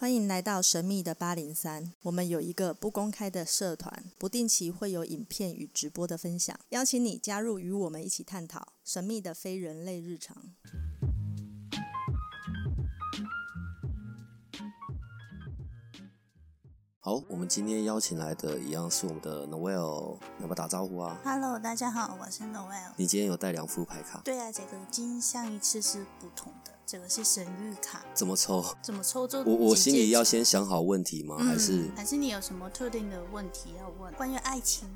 歡迎來到神秘的八靈三，我們有一個不公開的社團，不定期會有影片與直播的分享，邀請你加入，與我們一起探討神秘的非人類日常。好，我們今天邀請來的一樣是我們的 Noelle，要不要打招呼啊？Hello，大家好，我是 Noelle。你今天有帶兩副牌卡？對啊，這個跟上一次是不同的。這個是神諭卡，怎麼抽？怎麼抽？就我我心裡要先想好問題嗎？嗯，還是還是你有什麼特定的問題要問？關於愛情。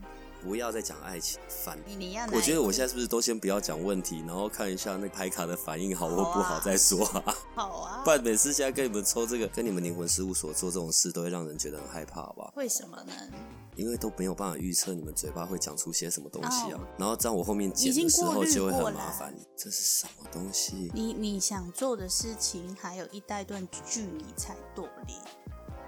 不要再講愛情，反，你你我覺得我現在是不是都先不要講問題，然後看一下那牌卡的反應好或不好，好、啊、再說啊？好啊，不然 每次現在跟你們抽這個，跟你們靈魂事務所做這種事，都會讓人覺得很害怕，吧？為什麼呢？因為都沒有辦法預測你們嘴巴會講出些什麼東西啊。哦、然後在我後面剪的時候就會很麻煩。過過，這是什麼東西？你你想做的事情，還有一帶段段距離才斷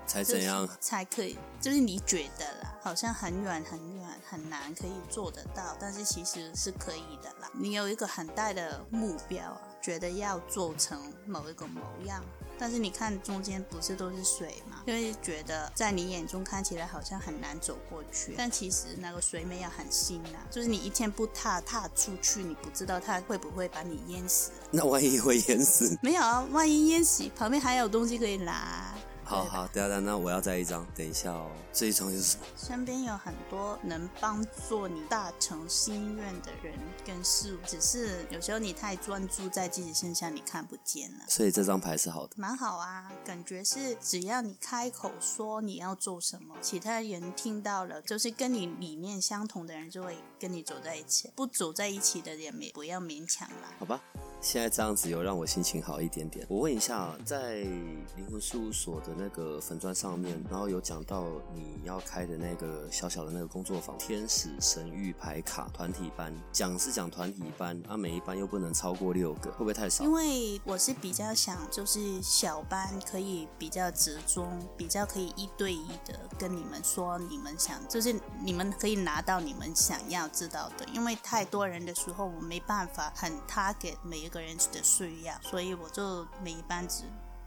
才怎樣、就是、才可以？就是你覺得啦。好像很遠很遠很難可以做得到，但是其實是可以的啦。你有一個很大的目標啊，覺得要做成某一個模樣，但是你看中間不是都是水嘛？因為覺得在你眼中看起來好像很難走過去，但其實那個水沒有很深啦、啊，就是你一天不踏踏出去，你不知道它會不會把你淹死。那萬一會淹死？沒有啊，萬一淹死，旁邊還有東西可以拿。好吧好，等等，那我要再一張，等一下哦。這一張就是什麼？身邊有很多能幫助你達成心願的人跟事物，只是有時候你太專注在自己身上，你看不見了。所以這張牌是好的，蠻好啊，感覺是只要你開口說你要做什麼，其他人聽到了，就是跟你理念相同的人就會跟你走在一起，不走在一起的人也不要勉強了。好吧，現在這樣子有讓我心情好一點點。我問一下哦，在靈魂事務所的。那個粉鑽上面，然後有講到你要開的那個小小的那個工作坊，天使神諭牌卡團體班，講是講團體班啊，每一班又不能超過六個，會不會太少？因為我是比較想就是小班可以比較集中，比較可以一對一的跟你們說你們想，就是你們可以拿到你們想要知道的，因為太多人的時候我沒辦法很 target 給每一個人的需要，所以我就每一班只。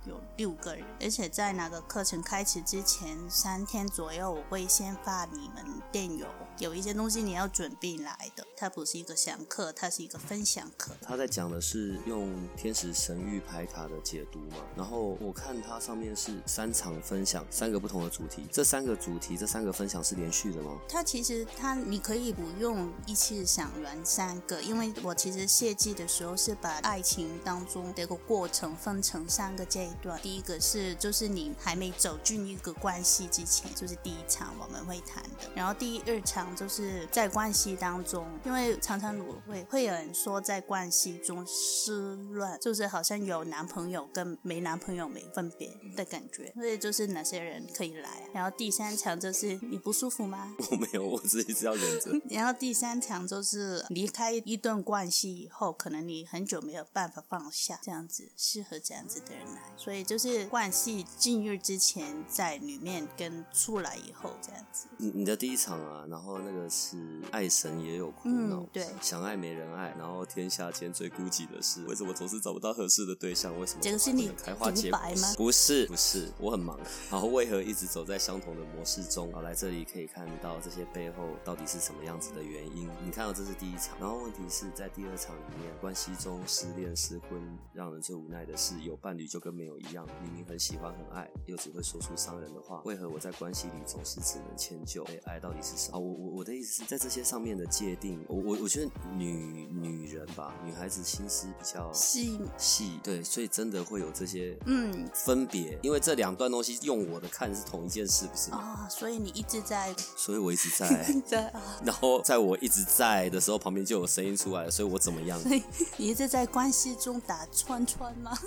有六個人，而且在那個課程開始之前三天左右，我會先發你們電郵。有一些東西你要準備來的。它，不是一個講課，它是一個分享課。他在講的是用天使神諭牌卡的解讀嘛，然後我看它上面是三場分享，三個不同的主題。這三個主題，這三個分享是連續的嗎？它其實它，你可以不用一次講完，三個因為我其實設計的時候，是把愛情當中的一個過程分成三個階段。第一個是就是你還沒走進一個關係之前，就是第一場我們會談的，然後第二場。就是在關係當中，因為常常會會有人說在關係中失亂，就是好像有男朋友跟沒男朋友沒分別的感覺。所以就是哪些人可以來啊？然後第三場就是你不舒服嗎？我沒有，我自己是要忍着。 然後第三場就是離開一段關係以後，可能你很久沒有辦法放下，這樣子適合這樣子的人來。所以就是關係進入之前，在裡面跟出來以後這樣子。你你的第一場啊，然後。那個是愛神也有苦惱、嗯，對，想愛沒人愛，然後天下間最孤寂的是為什麼總是找不到合適的對象？為什麼總不能開花結果？這是你獨白嗎？不是，不是，我很忙。然後為何一直走在相同的模式中？好，來這裡可以看到這些背後到底是什麼樣子的原因？你看到這是第一場，然後問題是在第二場裡面，關係中失戀、失婚，讓人最無奈的是有伴侶就跟沒有一樣。明明很喜歡、很愛，又只會說出傷人的話。為何我在關係裡總是只能遷就？戀、哎、愛到底是啥？我我。我的意思是在這些上面的界定，我我我覺得女女人吧，女孩子心思比較細，對，所以真的會有這些分嗯分別。因為這兩段東西用我的看是同一件事，不是啊、哦？所以你一直在，所以我一直在，在 對。然後在我一直在的時候，旁邊就有聲音出來了，所以我怎麼樣？所以你一直在關係中打穿穿嗎？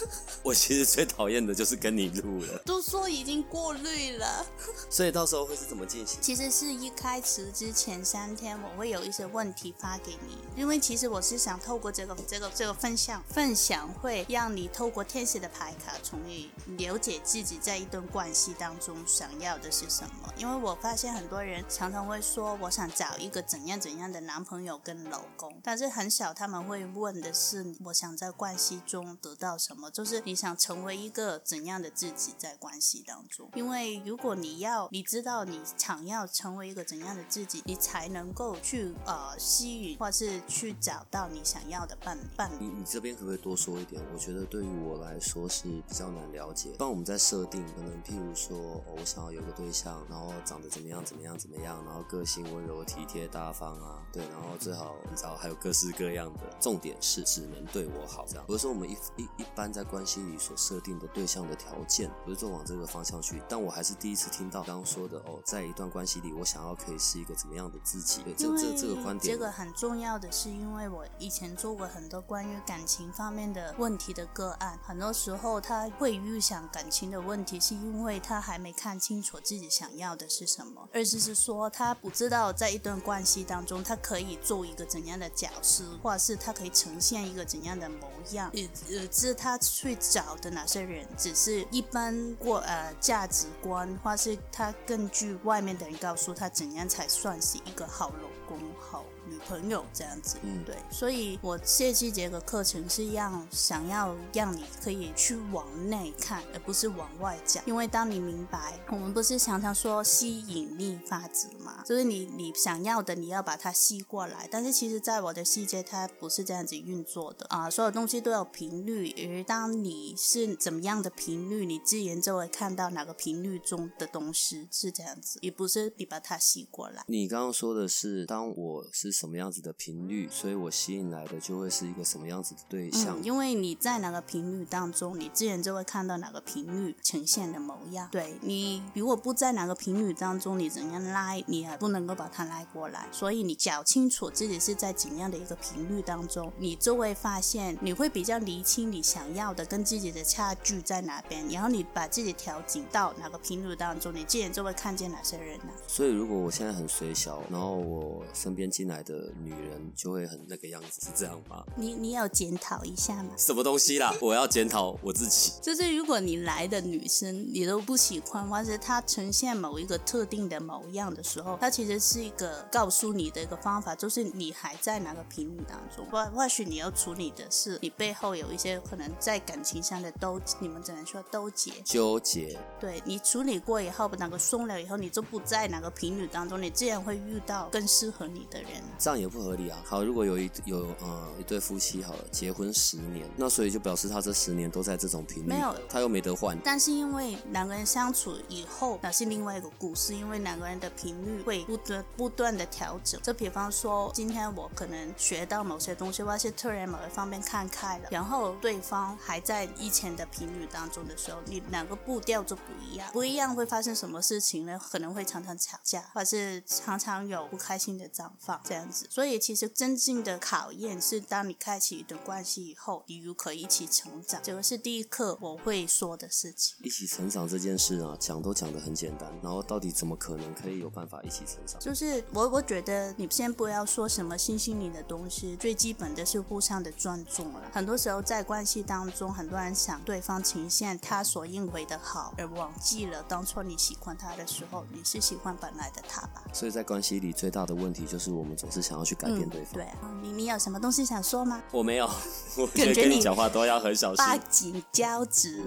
我其實最討厭的就是跟你錄了，都說已經過濾了， 所以到時候會是怎麼進行？其實是一個。開始之前三天，我會有一些問題發給你，因為其實我是想透過這個、這個、這個分享分享會，讓你透過天使的牌卡，重新了解自己在一段關係當中想要的是什麼。因為我發現很多人常常會說：“我想找一個怎樣怎樣的男朋友跟老公。”，但是很少他們會問的是：“我想在關係中得到什麼？”就是你想成為一個怎樣的自己在關係當中？因為如果你要，你知道你想要成為一個。怎樣的自己，你才能夠去呃吸引，或是去找到你想要的伴伴侶？你你這邊可不可以多說一點？我覺得對於我來說是比較難了解。不然我們在設定，可能譬如說，哦，我想要有個對象，然後長得怎麼樣怎麼樣怎麼樣，然後個性溫柔體貼大方啊，對，然後最好你知道還有各式各樣的。重點是只能對我好這樣。比如說我們一一一般在關係裡所設定的對象的條件，不是說往這個方向去。但我還是第一次聽到剛剛說的哦，在一段關係裡，我想要，可以是一個怎麼樣的自己？這這這個觀點，這個很重要的是，因為我以前做過很多關於感情方面的問題的個案，很多時候他會預想感情的問題，是因為他還沒看清楚自己想要的是什麼，而是是說他不知道在一段關係當中，他可以做一個怎樣的角色，或是他可以呈現一個怎樣的模樣。也以他去找的哪些人，只是一般過呃價值觀，或是他根據外面的人告訴他怎。怎樣才算是一個好龍，好女朋友這樣子，嗯、對，所以我設計這個課程是要想要讓你可以去往內看，而不是往外講。因為當你明白，我們不是常常說吸引力法則嗎？就是你你想要的，你要把它吸過來。但是其實在我的世界，它不是這樣子運作的啊！所有東西都有頻率，而當你是怎麼樣的頻率，你自然就會看到哪個頻率中的東西是這樣子，也不是你把它吸過來。你剛剛說的是。當當我是什麼樣子的頻率，所以我吸引來的就會是一個什麼樣子的對象。嗯，因為你在哪個頻率當中，你自然就會看到哪個頻率呈現的模樣。對，你如果不在哪個頻率當中，你怎樣拉，你還不能夠把它拉過來。所以你搞清楚自己是在怎樣的一個頻率當中，你就會發現你會比較釐清你想要的跟自己的差距在哪邊。然後你把自己調整到哪個頻率當中，你自然就會看見哪些人了，啊。所以如果我現在很衰小，然後我。身邊進來的女人就會很那個樣子，是這樣嗎？你你要檢討一下嘛？什麼東西啦？我要檢討我自己。 就是如果你來的女生你都不喜歡，或者她呈現某一個特定的某樣的時候，她其實是一個告訴你的一個方法，就是你還在哪個頻率當中，或或許你要處理的是你背後有一些可能在感情上的兜，你們只能說兜結、糾結。對，你處理過以後，把那個鬆了以後，你就不在哪個頻率當中，你自然會遇到更適合。和你的人，這樣也不合理啊。好，如果有一有呃、嗯、一對夫妻好了，結婚十年，那所以就表示他這十年都在這種頻率，沒有，他又沒得換。但是因為兩個人相處以後，那是另外一個故事，因為兩個人的頻率會不斷不斷的調整。就比方說，今天我可能學到某些東西，或是突然某一方面看開了，然後對方還在以前的頻率當中的時候，你兩個步調就不一樣，不一樣會發生什麼事情呢？可能會常常吵架，或者是常常有不開心的。綻放這樣子，所以其實真正的考驗是，當你開啟一段關係以後，你如何一起成長？這個是第一課我會說的事情。一起成長這件事啊，講都講得很簡單，然後到底怎麼可能可以有辦法一起成長？就是我我覺得，你先不要說什麼新心靈的東西，最基本的是互相的尊重了、啊。很多時候在關係當中，很多人想對方呈現他所認為的好，而忘記了當初你喜歡他的時候，你是喜歡本來的他吧？所以在關係裡最大的問。就是我們總是想要去改變對方。嗯、對、嗯，明明有什麼東西想說嗎？我沒有，我覺得跟你講話都要很小心，八緊交直。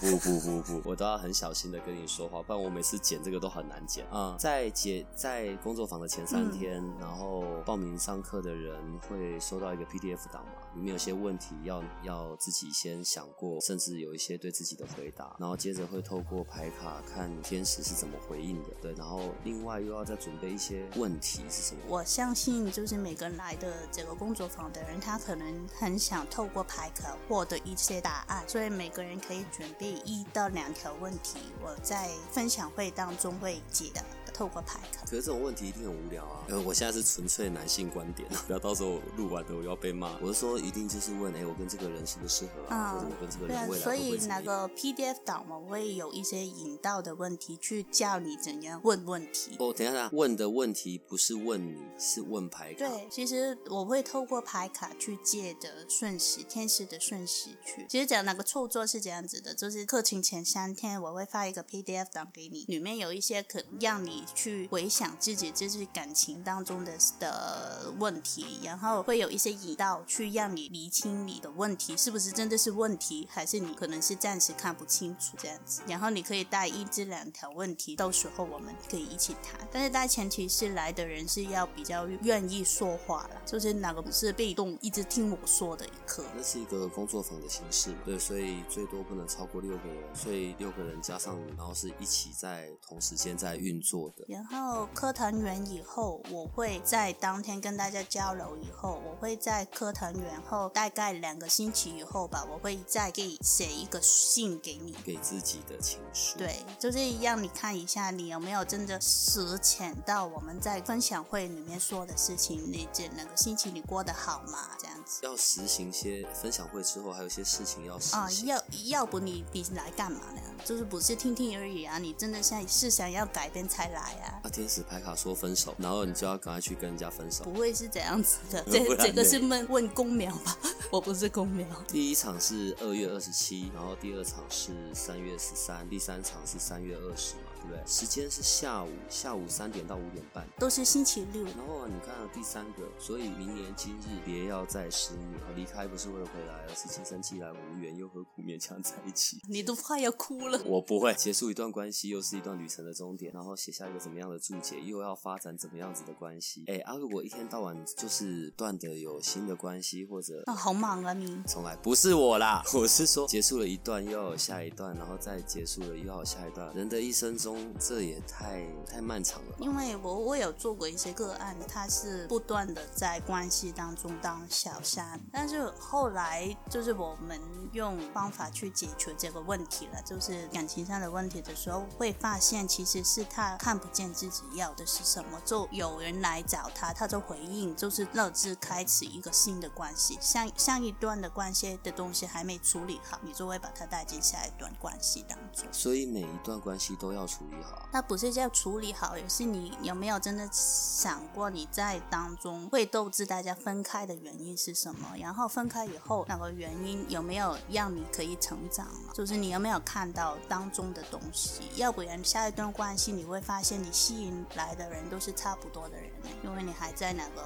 不不不不不，我都要很小心的跟你說話，不然我每次剪這個都很難剪啊、嗯。在剪在工作坊的前三天，嗯、然後報名上課的人會收到一個 PDF 檔嗎？有沒有一些問題要要自己先想過，甚至有一些對自己的回答，然後接着會透過牌卡看天使是怎麼回應的。對，然後另外又要再準備一些問題是什麼？我相信就是每個人來的這個工作坊的人，他可能很想透過牌卡獲得一些答案，所以每個人可以準備一到兩條問題，我在分享會當中會記得。透過牌卡，可是這種問題一定很無聊啊！呃，我現在是純粹男性觀點，不要到時候錄完了我要被罵。我是說，一定就是問，哎、欸，我跟這個人適不適合、啊，嗯、或者我跟這個人未來會對啊、嗯，所以那個 PDF 檔嘛，我會有一些引導的問題，去教你怎樣問問題。哦，等一下，問的問題不是問你，是問牌卡。對，其實我會透過牌卡去借的順序，天使的順序去。其實講那個操作是這樣子的，就是課程前三天，我會發一個 PDF 檔給你，裡面有一些可讓你。去回想自己這些感情當中的的問題，然後會有一些引導去讓你理清你的問題，是不是真的是問題，還是你可能是暫時看不清楚這樣子。然後你可以帶一至兩條問題，到時候我們可以一起談。但是，大前提是來的人是要比較願意說話啦，就是哪個不是被動一直聽我說的一刻。那是一個工作坊的形式，嘛，對，所以最多不能超過六個人，所以六個人加上，然後是一起在同時間在運作。對然後課團員以後，我會在當天跟大家交流以後，我會在課團員後大概兩個星期以後吧，我會再給寫一個信給你，給自己的情書。對，就是讓你看一下，你有沒有真的實踐到我們在分享會裡面說的事情，你這兩個星期你過得好嗎？這樣子要實行些分享會之後，還有些事情要實行啊，要要不你你來幹嘛呢？就是不是聽聽而已啊？你真的像是想要改變才來？啊！天使牌卡說分手，然後你就要趕快去跟人家分手，不會是怎樣子的？ 這這個是問問宮廟吧。 我不是宮廟。第一場是二月二十七，然後第二場是三月十三，第三場是三月二十。對，時間是下午，下午三點到五點半，都是星期六。然後你看到、啊、第三個，所以明年今日別要再失眠。離開不是為了回來，而是今生既然無緣，又何苦勉強在一起？你都快要哭了。我不會結束一段關係，又是一段旅程的終點。然後寫下一個怎麼樣的註解，又要發展怎麼樣子的關係？哎，啊，如果一天到晚就是斷的有新的關係，或者，那、哦、好忙啊你。從來不是我啦，我是說結束了一段，又要有下一段，然後再結束了又要有下一段。人的一生中。這也太太漫長了，因為我我有做過一些個案，他是不斷的在關係當中當小三，但是後來就是我們用方法去解決這個問題了，就是感情上的問題的時候，會發現其實是他看不見自己要的是什麼，就有人來找他，他就回應，就是樂之開始一個新的關係，上上一段的關係的東西還沒處理好，你就會把他帶進下一段關係當中，所以每一段關係都要處理。處理好，那不是叫處理好，也是你有沒有真的想過你在當中會導致大家分開的原因是什麼？然後分開以後那個原因有沒有讓你可以成長？就是你有沒有看到當中的東西？要不然下一段關係你會發現你吸引來的人都是差不多的人，因為你還在那個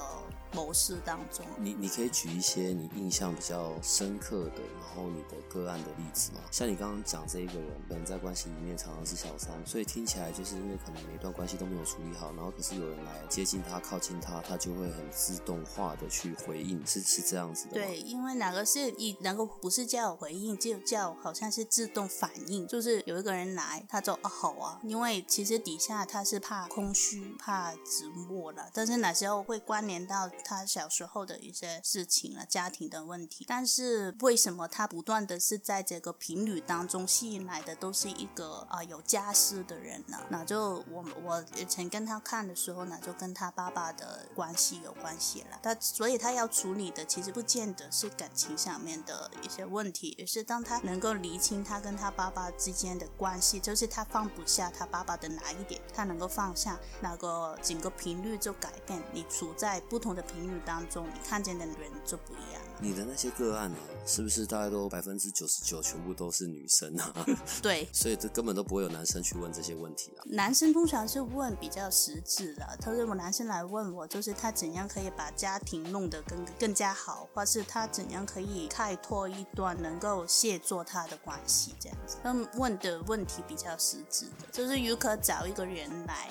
模式當中。你你可以舉一些你印象比較深刻的，然後你的個案的例子嗎？像你剛剛講這一個人，本在關係裡面常常是小三，所以。聽起來就是因為可能每段關係都沒有處理好，然後可是有人來接近他、靠近他，他就會很自動化的去回應，是是這樣子的。對，因為哪個是一，哪個不是叫回應，就叫好像是自動反應，就是有一個人來，他說啊、哦、好啊，因為其實底下他是怕空虛、怕寂寞了，但是那時候會關聯到他小時候的一些事情了、啊，家庭的問題。但是為什麼他不斷的是在這個頻率當中吸引來的都是一個啊、呃、有家室的人？人呢？那就我我以前跟他看的時候呢，那就跟他爸爸的關係有關係了。他所以他要處理的其實不見得是感情上面的一些問題，而是當他能夠釐清他跟他爸爸之間的關係，就是他放不下他爸爸的哪一點，他能夠放下，那個整個頻率就改變。你處在不同的頻率當中，你看見的人就不一樣。你的那些個案呢、啊，是不是大概都百分之九十九全部都是女生啊？ 對，所以這根本都不會有男生去問這些問題啊。男生通常是問比較實質的，他說我男生來問我，就是他怎樣可以把家庭弄得更更加好，或是他怎樣可以開拓一段能夠協作他的關係，這樣子。嗯，問的問題比較實質的，就是如何找一個人來，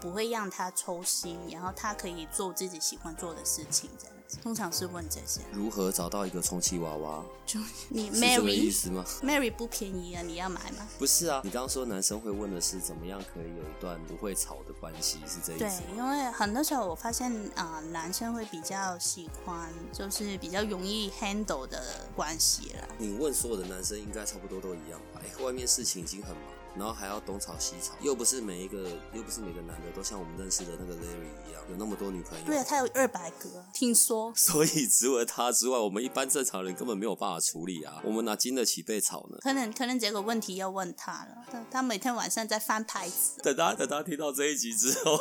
不會讓他抽薪，然後他可以做自己喜歡做的事情這樣子。通常是問這些、啊：如何找到一個充氣娃娃？就你 Mary，什麼意思嗎？Mary 不便宜啊，你要買嗎？不是啊，你剛剛說男生會問的是怎麼樣可以有一段不會吵的關係，是這意思？對，因為很多時候我發現啊、呃，男生會比較喜歡就是比較容易 handle 的關係啦。你問所有的男生應該差不多都一樣吧，哎、欸，外面事情已經很忙，然後還要東吵西吵，又不是每一個，又不是每個男的都像我們認識的那個 Larry 一樣，有那麼多女朋友。對啊，他有二百個，聽說。所以除了他之外，我們一般正常人根本沒有辦法處理啊，我們哪經得起被吵呢？可能可能這個問題要問他了，他每天晚上在翻牌子。等他等他聽到這一集之後，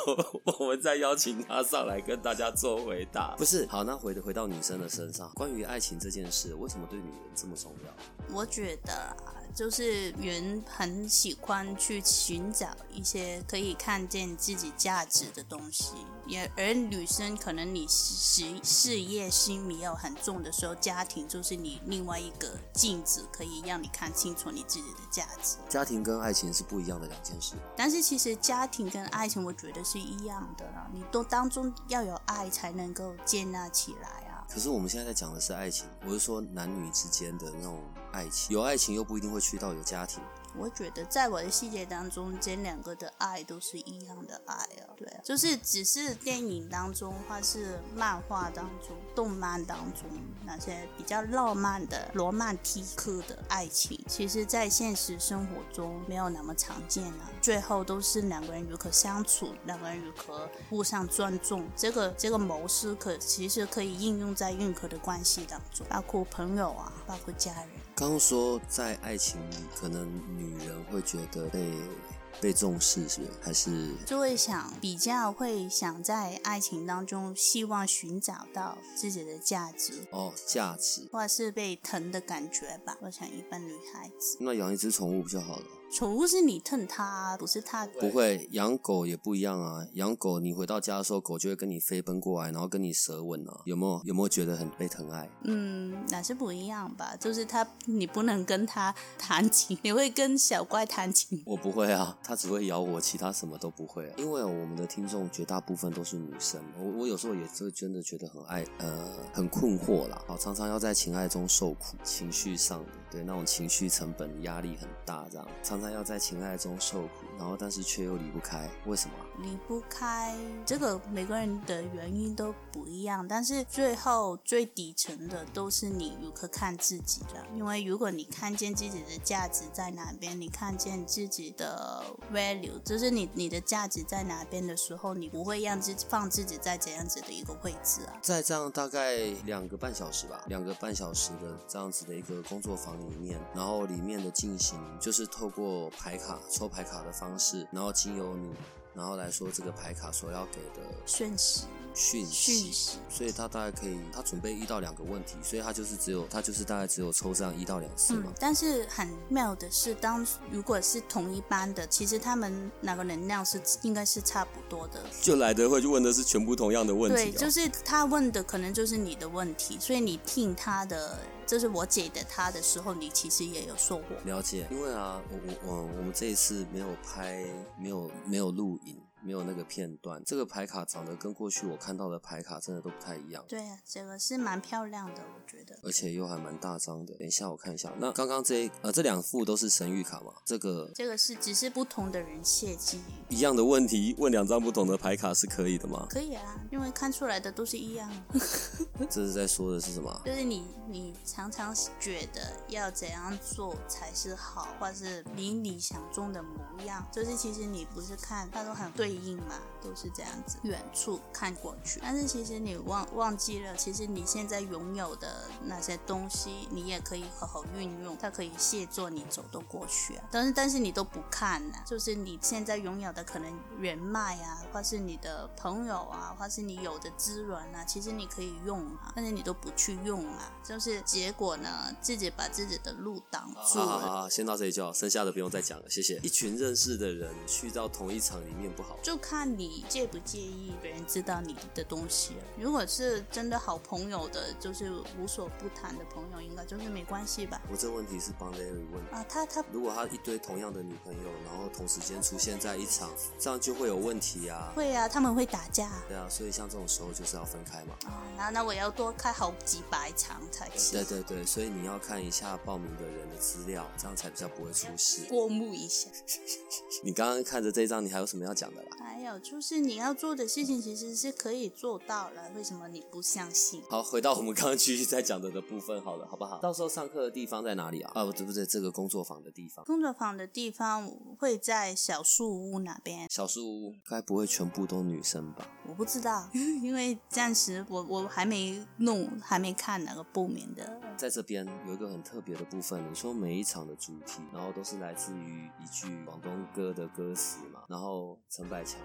我們再邀請他上來跟大家做回答。 不是，好，那回回到女生的身上，關於愛情這件事，為什麼對女人這麼重要？我覺得。就是人很喜歡去尋找一些可以看見自己價值的東西，也而女生可能你事事業心沒有很重的時候，家庭就是你另外一個鏡子，可以讓你看清楚你自己的價值。家庭跟愛情是不一樣的兩件事，但是其實家庭跟愛情我覺得是一樣的啦，你都當中要有愛才能夠建立起來啊。可是我們現在在講的是愛情，我是說男女之間的那種。愛情有愛情又不一定會去到有家庭。我覺得在我的世界當中，這兩個的愛都是一樣的愛啊、哦。對，就是只是電影當中、或是漫畫當中、動漫當中那些比較浪漫的、羅曼蒂克的愛情，其實在現實生活中沒有那麼常見啊。最後都是兩個人如何相處，兩個人如何互相尊重。這個這個模式可其實可以應用在任何的關係當中，包括朋友啊，包括家人。剛剛說，在愛情裡，可能女人會覺得被被重視是吧，是還是就會想比較會想在愛情當中，希望尋找到自己的價值哦，價值，或者是被疼的感覺吧。我想一般女孩子，那養一只寵物不就好了？寵物是你疼它、啊，不是它不會養狗也不一樣啊！養狗你回到家的時候，狗就會跟你飛奔過來，然後跟你舌吻啊，有沒有？有沒有覺得很被疼愛？嗯，那是不一樣吧？就是它，你不能跟它談情，你會跟小怪談情？我不會啊，它只會咬我，其他什麼都不會、啊。因為我們的聽眾絕大部分都是女生，我我有時候也是真的覺得很愛，呃，很困惑啦。好，常常要在情愛中受苦，情緒上的，對，那種情緒成本壓力很大，這樣常。在要在情愛中受苦，然後但是卻又離不開，為什麼離不開？這個每個人的原因都不一樣，但是最後最底層的都是你如何看自己的。因為如果你看見自己的價值在哪邊，你看見自己的 value，就是你你的價值在哪邊的時候，你不會讓自放自己在怎樣子的一個位置啊。在這樣大概兩個半小時吧，兩個半小時的這樣子的一個工作坊裡面，然後裡面的進行就是透過。做牌卡抽牌卡的方式，然後經由你，然後來說這個牌卡所要給的訊息，訊息，息。所以他大概可以，他準備一到兩個問題，所以他就是只有，他就是大概只有抽這樣一到兩次嘛。嗯，但是很妙的是，當如果是同一班的，其實他們那個能量是應該是差不多的。就來的會就問的是全部同樣的問題哦，對，就是他問的可能就是你的問題，所以你聽他的。這是我姐的，她的時候，你其實也有說過，了解。因為啊，我我我我們這一次沒有拍，沒有沒有錄影。沒有那個片段，這個牌卡長得跟過去我看到的牌卡真的都不太一樣。對啊，這個是蠻漂亮的，我覺得，而且又還蠻大張的。等一下我看一下，那剛剛這一呃這兩副都是神諭卡嗎？這個這個是只是不同的人設計。一樣的問題，問兩張不同的牌卡是可以的嗎？可以啊，因為看出來的都是一樣。 這是在說的是什麼？就是你你常常覺得要怎樣做才是好，或是比你想中的模樣，就是其實你不是看他都很對。對應嘛，都是這樣子。遠處看過去，但是其實你忘忘記了，其實你現在擁有的那些東西，你也可以好好運用，它可以協作你走到過去啊。但是但是你都不看吶、啊，就是你現在擁有的可能人脈啊，或是你的朋友啊，或是你有的資源啊，其實你可以用啊，但是你都不去用啊，就是結果呢，自己把自己的路擋住了。好好、啊啊啊，先到這裡就好，剩下的不用再講了，謝謝。一群認識的人去到同一場裡面不好。就看你介不介意別人知道你的東西。如果是真的好朋友的，就是無所不談的朋友，應該就是沒關係吧。我這個問題是幫 Larry 問的啊，他他如果他一堆同樣的女朋友，然後同時間出現在一場，嗯、這樣就會有問題啊。會啊，他們會打架。對啊，所以像這種時候就是要分開嘛。啊，那那我要多開好幾百場才行。對對對，所以你要看一下報名的人的資料，這樣才比較不會出事。過目一下。 你剛剛看着這張，你還有什麼要講的？還有就是你要做的事情其實是可以做到了，為什麼你不相信？好，回到我們剛剛繼續在講的的部分，好了，好不好？到時候上課的地方在哪裡啊？啊，不對不對，這個工作坊的地方，工作坊的地方會在小樹屋那邊。小樹屋該不會全部都女生吧？我不知道，因為暫時我我還沒弄，還沒看哪個部門的。在這邊有一個很特別的部分，你說每一場的主題，然後都是來自於一句廣東歌的歌詞嘛，然後成百。太強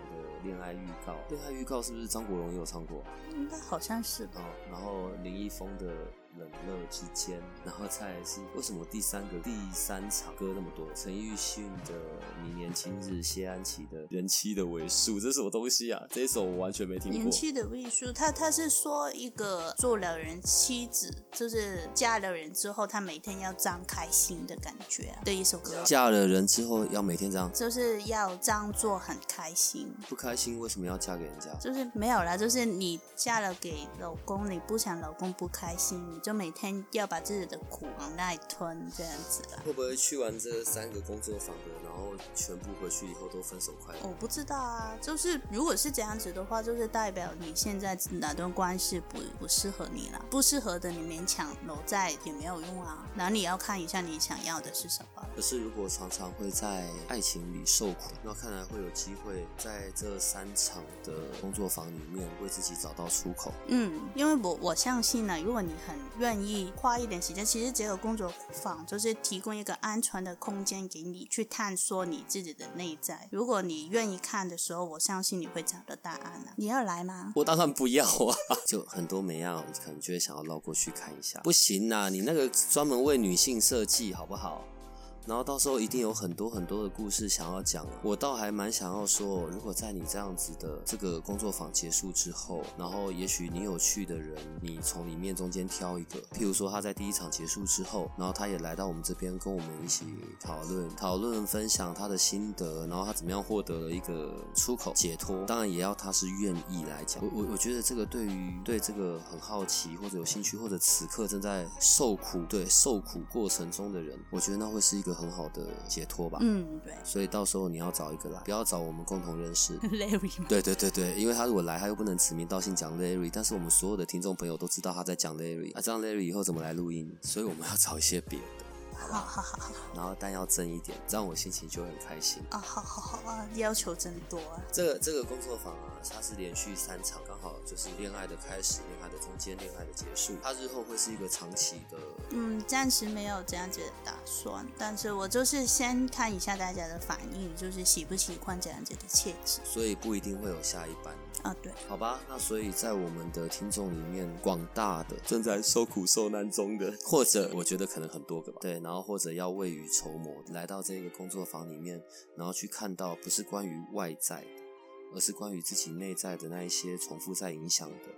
的戀愛預告，戀愛預告是不是張國榮也有唱過？應該好像是吧。嗯，然後林一峰的。冷熱之間，然後再來是為什麼第三個第三場歌那麼多？陳奕迅的《明年今日》，謝安琪的《人妻的偽術》，這是什麼東西啊？這一首我完全沒聽過。人妻的偽術，他他是說一個做了人妻子，就是嫁了人之後，他每天要裝開心的感覺啊，對一首歌。嫁了人之後要每天裝，就是要裝作很開心。不開心為什麼要嫁給人家？就是沒有啦，就是你嫁了給老公，你不想老公不開心。就每天要把自己的苦往那裡吞，這樣子了。會不會去完這三個工作坊的呢？然後全部回去以後都分手快樂。我不知道啊，就是如果是這樣子的話，就是代表你現在哪段關係不不適合你了，不適合的你勉強留在也沒有用啊。那你要看一下你想要的是什麼。可是如果常常會在愛情裡受苦，那看來會有機會在這三場的工作坊裡面為自己找到出口。嗯，因為我我相信呢，如果你很願意花一點時間，其實這個工作坊就是提供一個安全的空間給你去探索。說你自己的內在，如果你願意看的時候，我相信你會找到答案。你要來嗎？我當然不要啊， 就很多沒要，可能就會想要繞過去看一下。不行啊，你那個專門為女性設計，好不好？然後到時候一定有很多很多的故事想要講啊，我倒還蠻想要說，如果在你這樣子的這個工作坊結束之後，然後也許你有去的人，你從裡面中間挑一個，譬如說他在第一場結束之後，然後他也來到我們這邊跟我們一起討論、討論、分享他的心得，然後他怎麼樣獲得了一個出口解脫，當然也要他是願意來講。我我我覺得這個對於對這個很好奇或者有興趣或者此刻正在受苦對受苦過程中的人，我覺得那會是一個。很好的解脫吧，嗯對，所以到時候你要找一個啦，不要找我們共同認識 Larry，對對對對，因為他如果來，他又不能指名道姓講 Larry，但是我們所有的聽眾朋友都知道他在講 Larry，啊這樣 Larry 以後怎麼來錄音？所以我們要找一些別的。好，好好好，好然後但要真一點，這樣我心情就很開心啊！好好好啊，要求真多啊！這個、這個工作坊啊，它是連續三場，剛好就是戀愛的開始、戀愛的中間、戀愛的結束。它日後會是一個長期的，嗯，暫時沒有這樣子的打算。但是我就是先看一下大家的反應，就是喜不喜歡這樣子的切記，所以不一定會有下一班。啊，對，好吧，那所以在我們的聽眾裡面，廣大的正在受苦受難中的， 或者我覺得可能很多個吧，對，然後或者要未雨綢繆，來到這個工作坊裡面，然後去看到不是關於外在的，而是關於自己內在的那一些重複在影響的。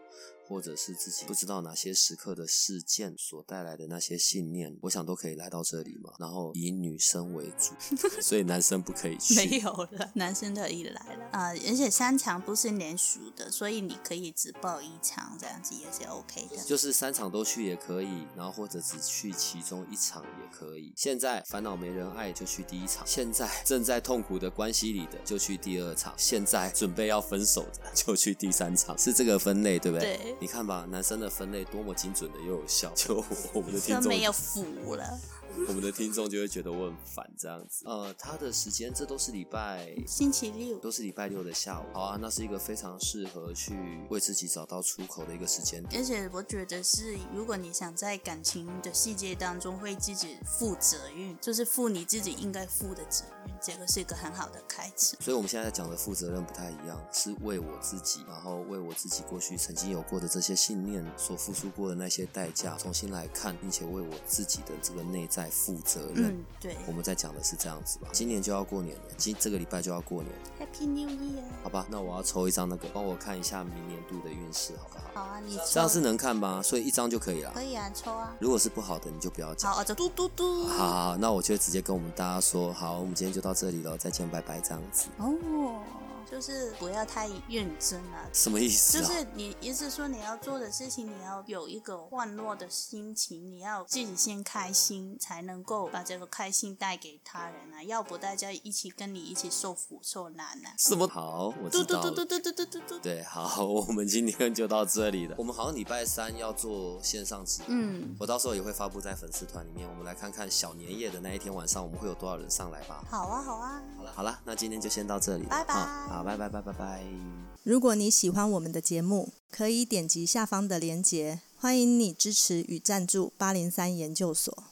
或者是自己不知道哪些時刻的事件所帶來的那些信念，我想都可以來到這裡嘛。然後以女生為主， 所以男生不可以去。沒有了，男生可以來了啊、呃！而且三場不是連熟的，所以你可以只報一場，這樣子也是 OK 的。就是三場都去也可以，然後或者只去其中一場也可以。現在煩惱沒人愛就去第一場，現在正在痛苦的關係裡的就去第二場，現在準備要分手的就去第三場，是這個分類，對不對？對。你看吧，男生的分類多麼精準的又有效，就我們的聽眾沒有服了，我們的聽眾 就會覺得我很煩這樣子。呃，他的時間這都是禮拜星期六，都是禮拜六的下午，好啊，那是一個非常適合去為自己找到出口的一個時間。而且我覺得是，如果你想在感情的世界當中為自己負責任，就是負你自己應該負的責任，這個是一個很好的開始。所以我們現在講的負責任不太一樣，是為我自己，然後為我自己過去曾經有過的。這些信念所付出過的那些代價，重新來看，並且為我自己的這個內在負責任。嗯、對，我們在講的是這樣子吧？今年就要過年了，今這個禮拜就要過年了，Happy New Year。好吧，那我要抽一張那個，幫我看一下明年度的運勢，好不好？好啊，你這樣是能看嗎？所以一張就可以了。可以啊，抽啊。如果是不好的，你就不要講。好，啊，就嘟嘟嘟，好好好，那我就直接跟我們大家說，好，我們今天就到這裡了，再見，拜拜，這樣子。哦。就是不要太認真了，什麼意思、啊？就是你意思說你要做的事情，你要有一個歡樂的心情，你要自己先開心，才能夠把這個開心帶給他人啊，要不大家一起跟你一起受苦受難呢、啊？是不？好，我知道。嘟嘟嘟嘟嘟嘟嘟嘟，對，好，我們今天就到這裡了。 我們好像禮拜三要做線上直播，嗯，我到時候也會發布在粉絲團裡面，我們來看看小年夜的那一天晚上，我們會有多少人上來吧？好啊，好啊。好了，好了，那今天就先到這裡，拜拜。啊好，拜拜拜拜拜。拜拜。如果你喜歡我們的節目，可以點擊下方的鏈接，歡迎你支持與贊助八靈三研究所。